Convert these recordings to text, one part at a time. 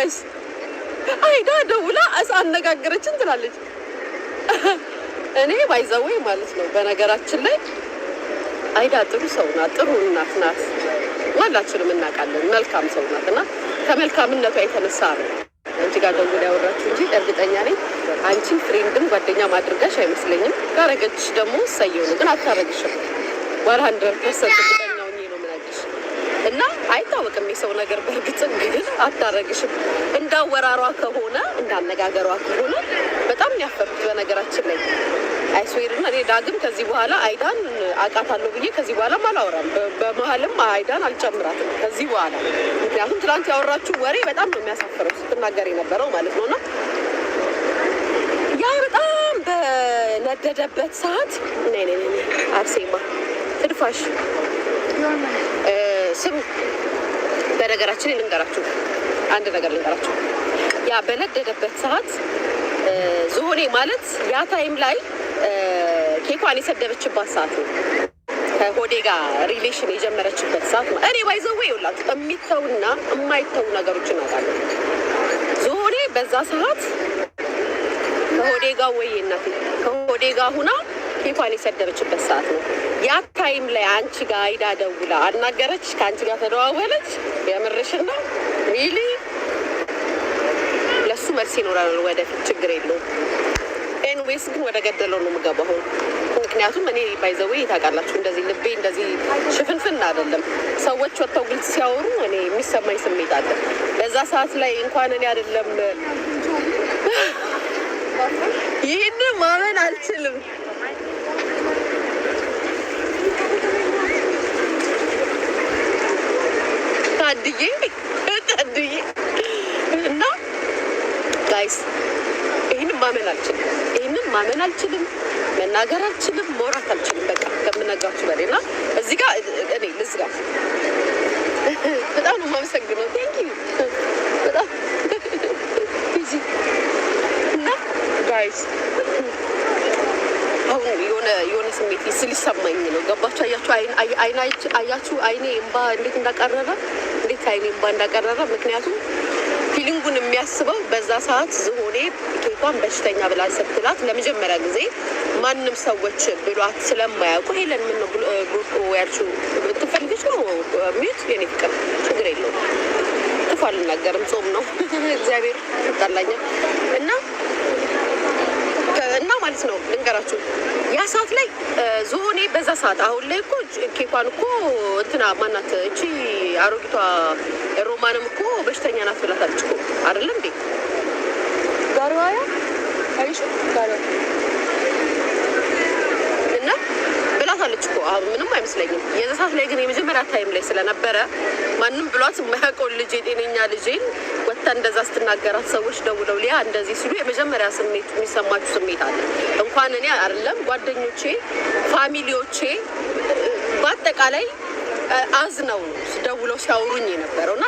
ጋይስ አይዳ ደውላ አነጋገረችን ትላለች። እኔ ባይዘወይ ማለት ነው። በነገራችን ላይ አይዳ ጥሩ ሰው ናት፣ ጥሩ እናት ናት። ሁላችንም እናውቃለን። መልካም ሰው ናት እና ከመልካምነቷ የተነሳ ነው አንቺ ጋር ደውላ ያወራችሁ እንጂ እርግጠኛ ነኝ አንቺ ፍሬንድም ጓደኛ ማድረጋሽ አይመስለኝም። ካረገችሽ ደግሞ ሰየው ነው፣ ግን አታረግሽም። ዋን ሀንድረድ ፐርሰንት አይታወቅም የሰው ነገር። በእርግጥ ግን አታረግሽም። እንዳወራሯ ከሆነ እንዳነጋገሯ ከሆነ በጣም ያፈሩት። በነገራችን ላይ አይስዌርና እኔ ዳግም ከዚህ በኋላ አይዳን አውቃታለሁ ብዬ ከዚህ በኋላም አላወራም። በመሀልም አይዳን አልጨምራትም ከዚህ በኋላ ምክንያቱም ትናንት ያወራችሁ ወሬ በጣም ነው የሚያሳፍረው ስትናገር የነበረው ማለት ነው እና ያ በጣም በነደደበት ሰዓት ነ አርሴማ ትድፋሽ ስም በነገራችን ልንገራችሁ፣ አንድ ነገር ልንገራችሁ። ያ በነደደበት ሰዓት ዝሆኔ ማለት ያ ታይም ላይ ኬኳን የሰደበችባት ሰዓት ነው። ከሆዴ ጋር ሪሌሽን የጀመረችበት ሰዓት ነው። እኔ ባይዘዌ ይውላችሁ የሚተውና የማይተው ነገሮች እናውቃለን። ዝሆኔ በዛ ሰዓት ከሆዴ ጋር ወይ እናቴ ከሆዴ ጋር ሁና ኬኳን የሰደበችበት ሰዓት ነው። ያ ታይም ላይ አንቺ ጋር አይዳ ደውላ አናገረች? ከአንቺ ጋር ተደዋወለች? የምርሽን ነው ሚሊ? ለሱ መልስ ይኖራል ወደፊት፣ ችግር የለውም። ኤንዌስ ግን ወደ ገደለው ነው የምገባው። ምክንያቱም እኔ ባይዘዌ ታውቃላችሁ፣ እንደዚህ ልቤ እንደዚህ ሽፍንፍን አይደለም። ሰዎች ወጥተው ግልጽ ሲያወሩ እኔ የሚሰማኝ ስሜት አለ። በዛ ሰዓት ላይ እንኳን እኔ አይደለም ይህን ማመን አልችልም። ታድዬ ታድዬ እና ጋይስ ይህንን ማመን አልችልም። ይህንን ማመን አልችልም። መናገር አልችልም። መውራት አልችልም። በቃ ከምነግራችሁ በላይ እና እዚህ ጋር እኔ ልዝጋ። በጣም ነው የማመሰግነው። ቴንኪዩ በጣም እና ጋይስ አሁን የሆነ የሆነ ስሜት ስል ይሰማኝ ነው። ገባችሁ? አያችሁ? አይን አያችሁ? አይኔ እምባ እንዴት እንዳቀረበ ከአይኔም ባንድ አቀረበ። ምክንያቱም ፊሊንጉን የሚያስበው በዛ ሰዓት ዝሆኔ ኬቷን በሽተኛ ብላ ስትላት ለመጀመሪያ ጊዜ ማንም ሰዎች ብሏት ስለማያውቁ ሄለን ምን ግሩፕ ያልሽው ትፈልግሽ ነው ሚዩት የኔ ፍቅር ችግር የለው ክፉ አልናገርም ጾም ነው እግዚአብሔር ይጣላኛል እና እና ማለት ነው ልንገራችሁ ያ ሰዓት ላይ ዝሆኔ በዛ ሰዓት አሁን ላይ እኮ ኬኳን እኮ እንትና ማናት እቺ አሮጊቷ ሮማንም እኮ በሽተኛ ናት ብላታለች እኮ አይደለም እንዴ? ጋሪዋያ አይሹ እና ብላታለች እኮ ምንም አይመስለኝም። የዛ ሰዓት ላይ ግን የመጀመሪያ ታይም ላይ ስለነበረ ማንም ብሏት የማያውቀውን ልጄ ጤነኛ ልጄን ወታ እንደዛ ስትናገራት ሰዎች ደውለው ሊያ እንደዚህ ሲሉ የመጀመሪያ ስሜት የሚሰማችሁ ስሜት አለ። እንኳን እኔ አይደለም ጓደኞቼ፣ ፋሚሊዎቼ በአጠቃላይ አዝነው ነው ደውለው ሲያወሩኝ የነበረው እና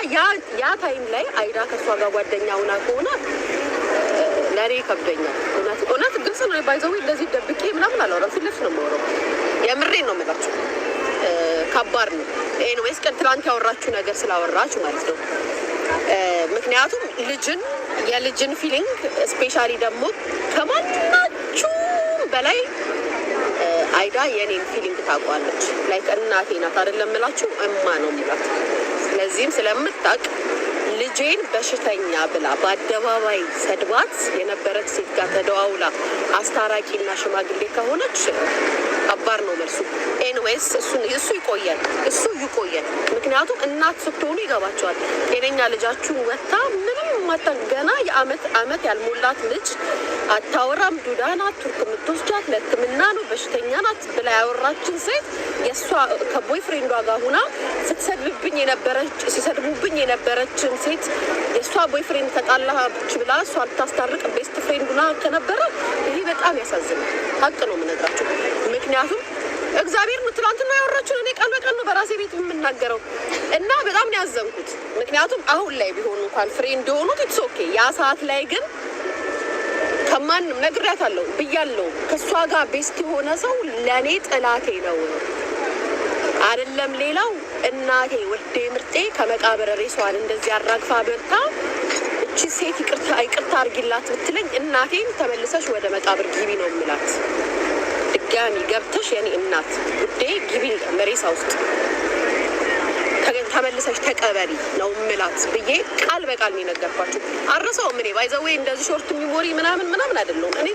ያ ታይም ላይ አይዳ ከእሷ ጋር ጓደኛ ሆና ከሆነ ለእኔ ይከብደኛል። እውነት ግልጽ ነው ባይዘዊ እንደዚህ ደብቄ ምናምን አላወራም። ፊት ለፊት ነው የማወራው። የምሬን ነው የምላችሁ። ከባድ ነው። ኤኒዌይስ ቀን ትላንት ያወራችሁ ነገር ስላወራችሁ ማለት ነው። ምክንያቱም ልጅን የልጅን ፊሊንግ ስፔሻሊ ደግሞ ከማናችሁም በላይ አይዳ የኔን ፊሊንግ ታውቋለች። ላይክ እናቴ ናት አይደለም ምላችሁ እማ ነው ሚላት። ስለዚህም ስለምታውቅ ልጄን በሽተኛ ብላ በአደባባይ ሰድባት የነበረች ሴት ጋር ተደዋውላ አስታራቂና ሽማግሌ ከሆነች ከባድ ነው መልሱ። ኤንዌይስ እሱ ይቆያል፣ እሱ ይቆያል። ምክንያቱም እናት ስትሆኑ ይገባቸዋል። ጤነኛ ልጃችሁን ወታ ምን አታማታም። ገና የአመት አመት ያልሞላት ልጅ አታወራም። ዱዳ ናት፣ ቱርክ የምትወስዳት ለህክምና ነው፣ በሽተኛ ናት ብላ ያወራችን ሴት የእሷ ከቦይፍሬንዷ ጋር ሁና ስትሰድብብኝ የነበረች ሲሰድቡብኝ የነበረችን ሴት የእሷ ቦይ ተጣላች ብላ እሷ ልታስታርቅ ቤስት ፍሬንድ ሁና ከነበረ ይሄ በጣም ያሳዝናል። ሀቅ ነው የምነግራቸው። ምክንያቱም እግዚአብሔር ነው ትናንትና ያወራችሁን እኔ ቃል በቃል ነው በራሴ ቤት የምናገረው እና በጣም ነው ያዘንኩት። ምክንያቱም አሁን ላይ ቢሆኑ እንኳን ፍሬ እንደሆኑ ኢትስ ኦኬ። ያ ሰዓት ላይ ግን ከማንም ነግሬያታለሁ ብያለሁ። ከእሷ ጋር ቤስት የሆነ ሰው ለእኔ ጥላቴ ነው አይደለም ሌላው እናቴ ወልዴ ምርጤ ከመቃብር ሬሷን እንደዚህ አራግፋ በርታ እቺ ሴት ይቅርታ ይቅርታ አርጊላት ብትለኝ እናቴን ተመልሰሽ ወደ መቃብር ግቢ ነው የምላት። ድጋሚ ገብተሽ የኔ እናት ጉዳይ ግቢ መሬሳ ውስጥ ተመልሰሽ ተቀበሪ ነው ምላት ብዬ ቃል በቃል ነው የነገርኳቸው። አረሰውም እኔ ባይዘዌ እንደዚህ ሾርት የሚሞሪ ምናምን ምናምን አይደለሁም እኔ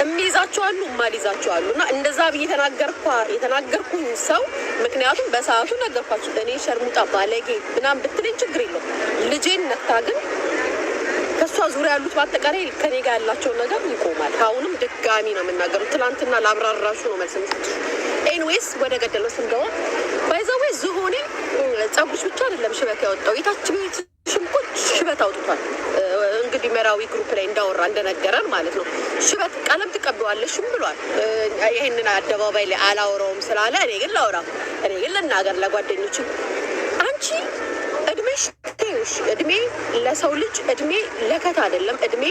የሚይዛቸው አሉ የማልይዛቸው እና እንደዛ ብዬ የተናገርኳ የተናገርኩኝ ሰው ምክንያቱም በሰዓቱ ነገርኳቸው። እኔ ሸርሙጣ ባለጌ ምናምን ብትለኝ ችግር የለው። ልጄን ነታ ግን ከእሷ ዙሪያ ያሉት በአጠቃላይ ከኔ ጋር ያላቸውን ነገር ይቆማል። አሁንም ድጋሚ ነው የምናገሩት። ትናንትና ላብራራሹ ነው መልስ ምስ ኤንዌስ ወደ ገደለው ስንገባ ባይዘዌ ዝሆኔ ጸጉርሽ ብቻ አይደለም ሽበት ያወጣው የታች ቤት ሽንቁት ሽበት አውጥቷል። እንግዲህ መራዊ ግሩፕ ላይ እንዳወራ እንደነገረን ማለት ነው ሽበት ቀለም ትቀብዋለሽም ብሏል። ይህንን አደባባይ ላይ አላወራውም ስላለ እኔ ግን ላውራ እኔ ግን ልናገር ለጓደኞችም አንቺ እድሜሽ እድሜ ለሰው ልጅ እድሜ ለከት አይደለም። እድሜ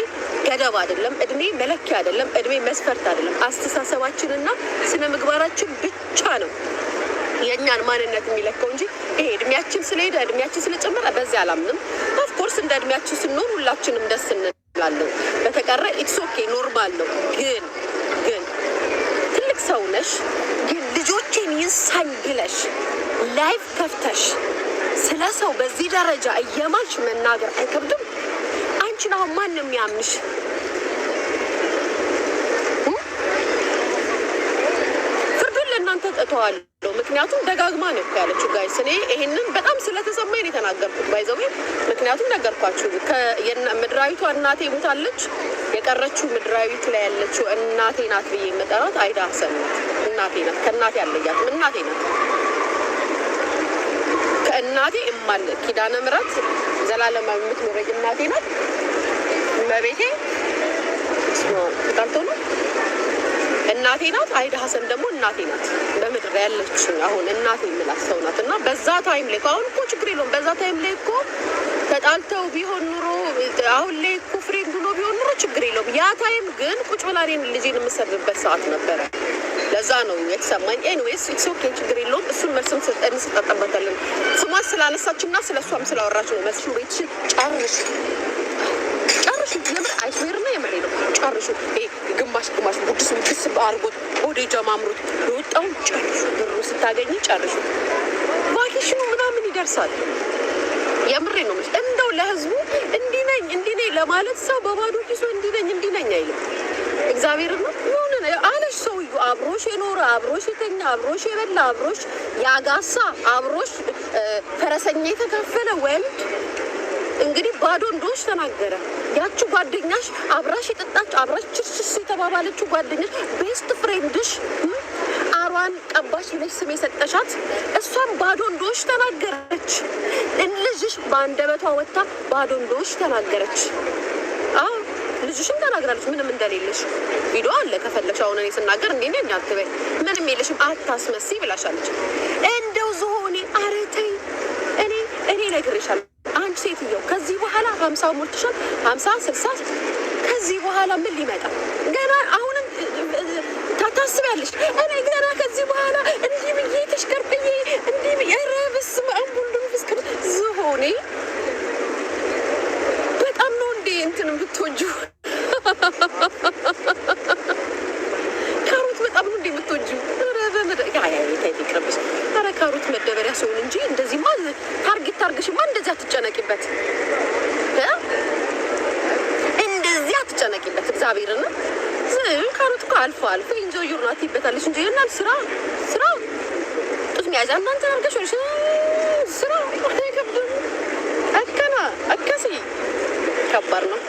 ገደብ አይደለም። እድሜ መለኪያ አይደለም። እድሜ መስፈርት አይደለም። አስተሳሰባችንና ስነ ምግባራችን ብቻ ነው የእኛን ማንነት የሚለካው እንጂ ይሄ እድሜያችን ስለሄደ እድሜያችን ስለጨመረ በዚህ አላምንም። ኦፍኮርስ እንደ እድሜያችን ስንኖር ሁላችንም ደስ እንላለን። በተቀረ ኢትስ ኦኬ ኖርማል ነው። ግን ግን ትልቅ ሰው ነሽ፣ ግን ልጆቼን ይንሳኝ ብለሽ ላይፍ ከፍተሽ ስለ ሰው በዚህ ደረጃ እየማልሽ መናገር አይከብድም? አንቺን አሁን ማን ነው የሚያምንሽ? ፍርዱን ለእናንተ ጥተዋለሁ። ምክንያቱም ደጋግማ ነው ያለችው። ጋይስ እኔ ይሄንን በጣም ስለተሰማኝ የተናገርኩት ባይዘዌ፣ ምክንያቱም ነገርኳችሁ፣ ምድራዊቷ እናቴ ሞታለች። የቀረችው ምድራዊት ላይ ያለችው እናቴ ናት ብዬ መጠራት አይዳሰነት እናቴ ናት። ከእናቴ አለያትም እናቴ ናት። እናቴ እማለ ኪዳነ ምሕረት ዘላለም የምትኖረኝ እናቴ ናት። መቤቴ ጣልቶ ነው እናቴ ናት። አይደ ሀሰን ደግሞ እናቴ ናት። በምድር ያለች አሁን እናቴ የምላት ሰው ናት። እና በዛ ታይም ላይ አሁን እኮ ችግር የለውም። በዛ ታይም ላይ እኮ ተጣልተው ቢሆን ኑሮ አሁን ላይ እኮ ፍሬንድ ሆኖ ቢሆን ኑሮ ችግር የለውም። ያ ታይም ግን ቁጭ ብላ እኔን ልጄን ሰዓት ነበረ። እንደዛ ነው የተሰማኝ። ኤኒዌይስ ኢትስ ኦኬ ችግር የለውም። እሱን መልስም ስጠጠበታለን። ስሟን ስላነሳችሁ እና ስለ እሷም ስላወራችሁ ነው መልስሽ። ቤትሽን ጨርሽ ጨርሽ። የምር አይስዌር ና የምር ነው ጨርሹ። ግማሽ ግማሽ ቡድስ ቡድስ አድርጎት ወደ ጀማምሩት የወጣውን ጨርሹ። ብሩ ስታገኝ ጨርሹ። ቫኬሽኑ ምናምን ይደርሳል። የምሬ ነው እንደው ለህዝቡ እንዲነኝ እንዲነኝ ለማለት ሰው በባዶ ኪሱ እንዲነኝ እንዲነኝ እንዲህ አይልም። እግዚአብሔር ነው አብሮሽ የኖረ አብሮሽ የተኛ አብሮሽ የበላ አብሮሽ ያጋሳ አብሮሽ ፈረሰኛ የተከፈለ ወንድ እንግዲህ ባዶ እንደሆንሽ ተናገረ። ያችሁ ጓደኛሽ አብራሽ የጠጣች አብራሽ ችስስ የተባባለችው ጓደኛሽ ቤስት ፍሬንድሽ አሯን ቀባሽ ብለሽ ስም የሰጠሻት እሷም ባዶ እንደሆንሽ ተናገረች። ልጅሽ በአንደበቷ ወጥታ ባዶ እንደሆንሽ ተናገረች። ልጅሽም ተናግራለች ምንም እንደሌለሽ ቪዲዮ አለ። ከፈለግሽ አሁን እኔ ስናገር እንዴ ነኝ አትበይ፣ ምንም የለሽም አታስመሲ ብላሻለች። እንደው ዝሆኔ አረተይ እኔ እኔ እነግርሻለሁ አንቺ ሴትየው ከዚህ በኋላ ሀምሳ ሞልትሻል፣ ሀምሳ ስልሳ ከዚህ በኋላ ምን ሊመጣ ገና አሁንም ታስቢያለሽ። እኔ ገና ከዚህ በኋላ እንዲህ ብዬ ተሽከርብዬ እንዲህ ብዬ ኧረ በስመ አብ ወወልድ ወመንፈስ ቅዱስ ዝሆኔ እንትን ብትወጂው ሲሆን እንጂ እንደዚህማ ታርጌት ታርግሽማ እንደዚህ አትጨነቂበት፣ እንደዚህ አትጨነቂበት። እግዚአብሔርን ካሮት እኮ አልፎ አልፎ እንጆ ዩርናት ይበታለች እንጂ እናል ስራ ስራ ጡት ሚያዝ አንዳንተ አርገሽ ሆንሽ ስራ አይከብድም። አከና አከሲ ከባድ ነው።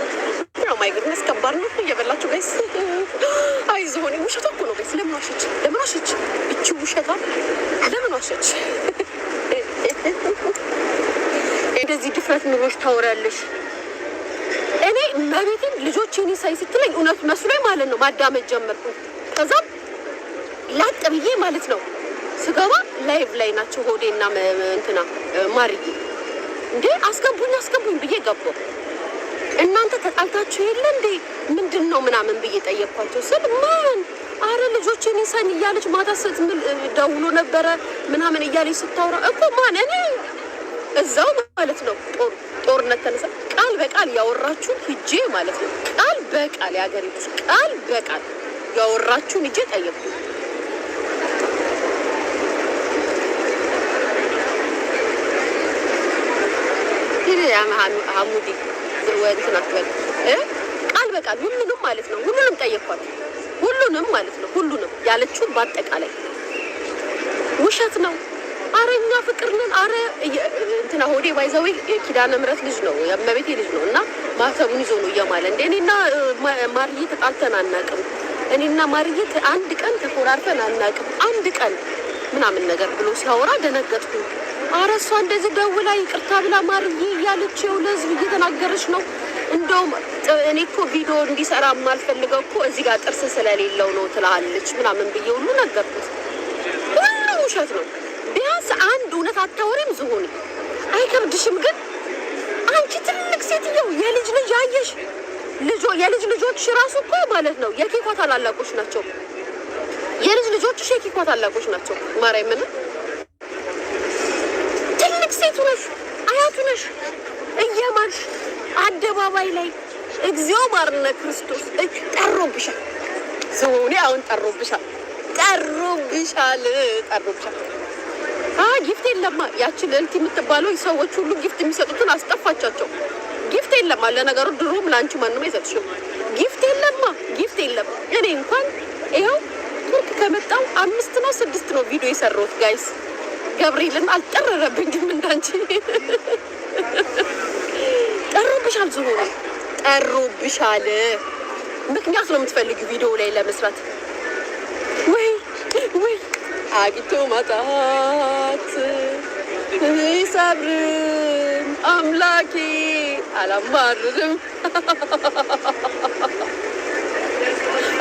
ማይ ጉድነስ ከባድ ነው። እየበላችሁ ጋይስ አይዞሆኔ ውሸት እኮ ነው ጋይስ። ለምን ዋሸች? ለምን ዋሸች? ውሸት ምንሽ ታወራለሽ? እኔ መቤቴን ልጆች ኔ ሳይ ስትለኝ እውነት መስሎኝ ማለት ነው ማዳመጥ ጀመርኩ። ከዛም ላጥ ብዬ ማለት ነው ስገባ ላይቭ ላይ ናቸው ሆዴና እንትና ማርዬ እንዴ አስገቡኝ አስገቡኝ ብዬ ገባው። እናንተ ተጣልታችሁ የለ እንዴ ምንድን ነው ምናምን ብዬ ጠየቅኳቸው ስል ማን አረ ልጆች ኔ ሳይን እያለች ማታ ስትምል ደውሎ ነበረ ምናምን እያለች ስታውራ እኮ ማን እኔ እዛው ማለት ነው ጦርነት ተነሳ። ቃል በቃል ያወራችሁን ሂጄ ማለት ነው ቃል በቃል የሀገሪቱ ቃል በቃል ያወራችሁን ሂጄ ጠየቁ። ሙዲ ቃል በቃል ሁሉንም ማለት ነው ሁሉንም ጠየኳት። ሁሉንም ማለት ነው ሁሉንም ያለችውን በአጠቃላይ ውሸት ነው። አረ እኛ ፍቅር ነን። አረ እንትና ሆዴ ባይዘዊ ኪዳነ ምሕረት ልጅ ነው የመቤቴ ልጅ ነው እና ማተቡን ይዞ ነው እየማለ እንደ እኔና ማርዬ ተጣልተን አናቅም። እኔና ማርዬ አንድ ቀን ተኮራርፈን አናቅም። አንድ ቀን ምናምን ነገር ብሎ ሲያወራ ደነገጥኩ። አረ እሷ እንደዚህ ደውላ ይቅርታ ብላ ማርዬ እያለች ው ለህዝብ እየተናገረች ነው። እንደውም እኔ እኮ ቪዲዮ እንዲሰራ የማልፈልገው እኮ እዚህ ጋር ጥርስ ስለሌለው ነው ትላለች ምናምን ብዬ ሁሉ ነገርኩት። ውሸት ነው። ቢያንስ አንድ እውነት አታወሪም ዝሆን አይከብድሽም። ግን አንቺ ትልቅ ሴትየው የልጅ ልጅ አየሽ፣ የልጅ ልጆችሽ ራሱ እኮ ማለት ነው የኬኳ ታላላቆች ናቸው። የልጅ ልጆችሽ የኬኳ ታላቆች ናቸው። ማርያምን ትልቅ ሴት ነሽ፣ አያቱ ነሽ፣ እየማልሽ አደባባይ ላይ እግዚኦ ባርነ ክርስቶስ ጠሮብሻል። ዝሆኔ አሁን ጠሮብሻል። ጠሩ ጠሩብሻል። ጊፍት የለማ ያችን እልት የምትባለው ሰዎች ሁሉ ጊፍት የሚሰጡትን አስጠፋቻቸው። ጊፍት የለማ ለነገሩ ድሮም ለአንቺ ማንም አይሰጥሽም። ጊፍት የለማ ጊፍት የለም። እኔ እንኳን ይኸው ቱርክ ከመጣው አምስት ነው ስድስት ነው ቪዲዮ የሰራሁት ጋይስ። ገብርኤልን አልጠረረብኝም እንዳንቺ ጠሩብሻል፣ ዝሆኑ ጠሩብሻል። ምክንያት ነው የምትፈልጊው ቪዲዮ ላይ ለመስራት ወይ ወይ አግቶ ማጣት ሰብርም አምላኬ አላማርርም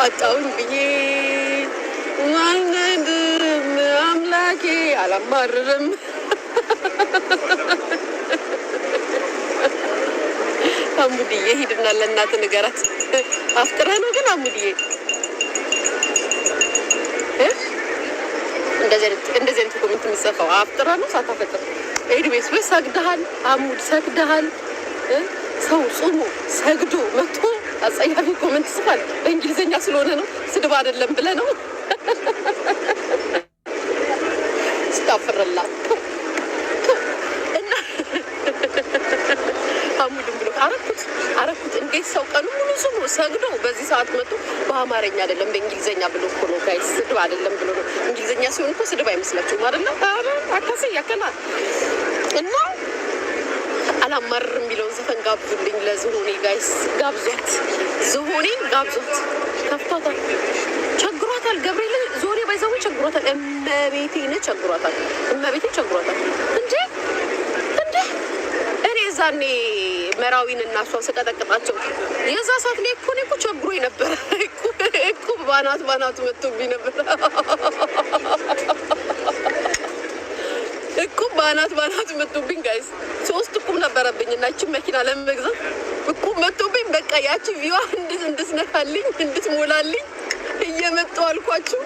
አጣውን ብዬ ማንንም አምላኬ አላማርርም አሙድዬ ሂድና ለእናት ንገራት። ነው ግን አሙድዬ እንደዚህ አይነት ኮሜንት የሚጽፈው አፍጥራ ነው ሳታፈጥር ኤድቤስ ወይ ሰግደሃል፣ አሙድ ሰግደሃል። ሰው ጾሙ ሰግዶ መጥቶ አጸያፊ ኮመንት ይጽፋል። በእንግሊዝኛ ስለሆነ ነው ስድብ አይደለም ብለ ነው ስታፍርላ እና አሙድም ብሎ አረኩት አረኩት። እንዴት ሰው ቀኑ እሱም ሰግዶ በዚህ ሰዓት መጡ። በአማርኛ አይደለም በእንግሊዝኛ ብሎ እኮ ነው ጋይ ስድብ አይደለም ብሎ ነው። እንግሊዝኛ ሲሆን እኮ ስድብ አይመስላችሁም አይደለ? አካሴ ያከና እና አላማር የሚለውን ዘፈን ጋብዙልኝ ለዝሆኔ ጋይስ፣ ጋብዟት፣ ዝሆኔን ጋብዟት። ከፍቷታል፣ ቸግሯታል። ገብርኤል ዞሬ ባይዘው ቸግሯታል። እመቤቴን ቸግሯታል። እመቤቴን ቸግሯታል እንዴ እንዴ እኔ ዛኔ መራዊን እና እሷን ስቀጠቅጣቸው የዛ ሰዓት ላይ እኮ እኔ እኮ ቸግሮኝ ነበር እኮ ባናት ባናቱ መጥቶብኝ ነበር እኮ ባናት ባናቱ መጥቶብኝ ጋይስ ሶስት እቁብ ነበረብኝ እና ይችን መኪና ለመግዛት እቁብ መጥቶብኝ በቃ ያቺ ቪዋ እንድትነካልኝ እንድትሞላልኝ እየመጡ አልኳችሁ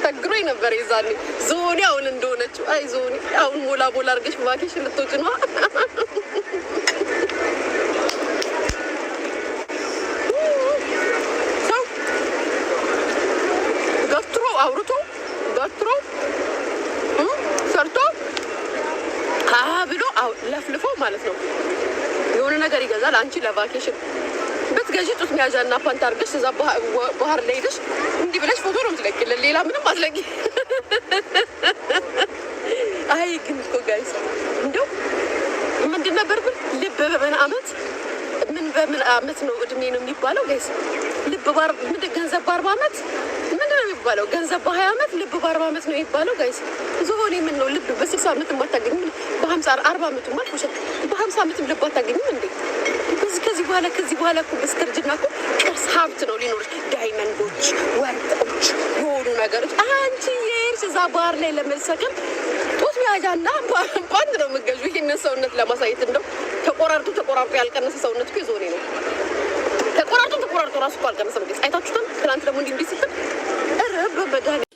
ቸግሮኝ ነበር። የዛኔ ዞኔ አሁን እንደሆነችው አይ ዞኔ አሁን ሞላ ሞላ አድርገሽ ባኬሽ ልትወጪ ነዋ። ለፍልፈው ማለት ነው የሆነ ነገር ይገዛል። አንቺ ለቫኬሽን ብትገዢ ጡት መያዣ እና ፓንት አድርገሽ እዛ ባህር ላይ ሄደሽ እንዲህ ብለሽ ፎቶ ነው የምትለቂልን። ሌላ ምንም አትለቂ። አይ ግን እኮ ጋይስ እንደው ምንድን ነበር ብር ልብ በምን አመት ምን በምን አመት ነው እድሜ ነው የሚባለው? ጋይስ ልብ ባር ገንዘብ በአርባ አመት ምን የሚባለው ገንዘብ በሀያ ዓመት ልብ በአርባ ዓመት ነው የሚባለው። ጋይስ ዝሆን የምን ልብ በስልሳ ዓመት አታገኝም። በሀምሳ አርባ ዓመቱ ማለት ውሸት። በሀምሳ ዓመትም ልብ አታገኝም እንዴ? ከዚህ በኋላ ከዚህ በኋላ እኮ እስከ እርጅና እኮ ቅርስ ሀብት ነው ሊኖር ዳይመንዶች፣ ወርቆች የሆኑ ነገሮች አንቺ የርስ እዛ ባህር ላይ ለመሰከም ጡት መያዣና ፓንት ነው የምትገዡ። ይህንን ሰውነት ለማሳየት እንደው ተቆራርጦ ተቆራርጦ ያልቀነሰ ሰውነት እኮ የዞኔ ነው። ተቆራርጦ ራሱ እኮ አልቀነሰም። ግልጽ አይታችሁትም። ትናንት ደግሞ እንዲህ እንዲህ ሲትል ረብ በመድኃኒት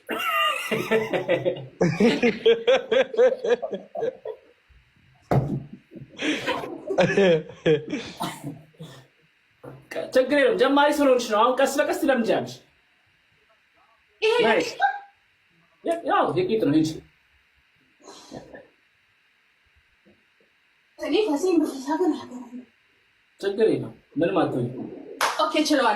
ችግር የለም። ጀማሪ ስለሆንሽ ነው። አሁን ቀስ በቀስ ትለምጃለሽ። ችግር የለም። ምንም አትሆኝም። ओके चलो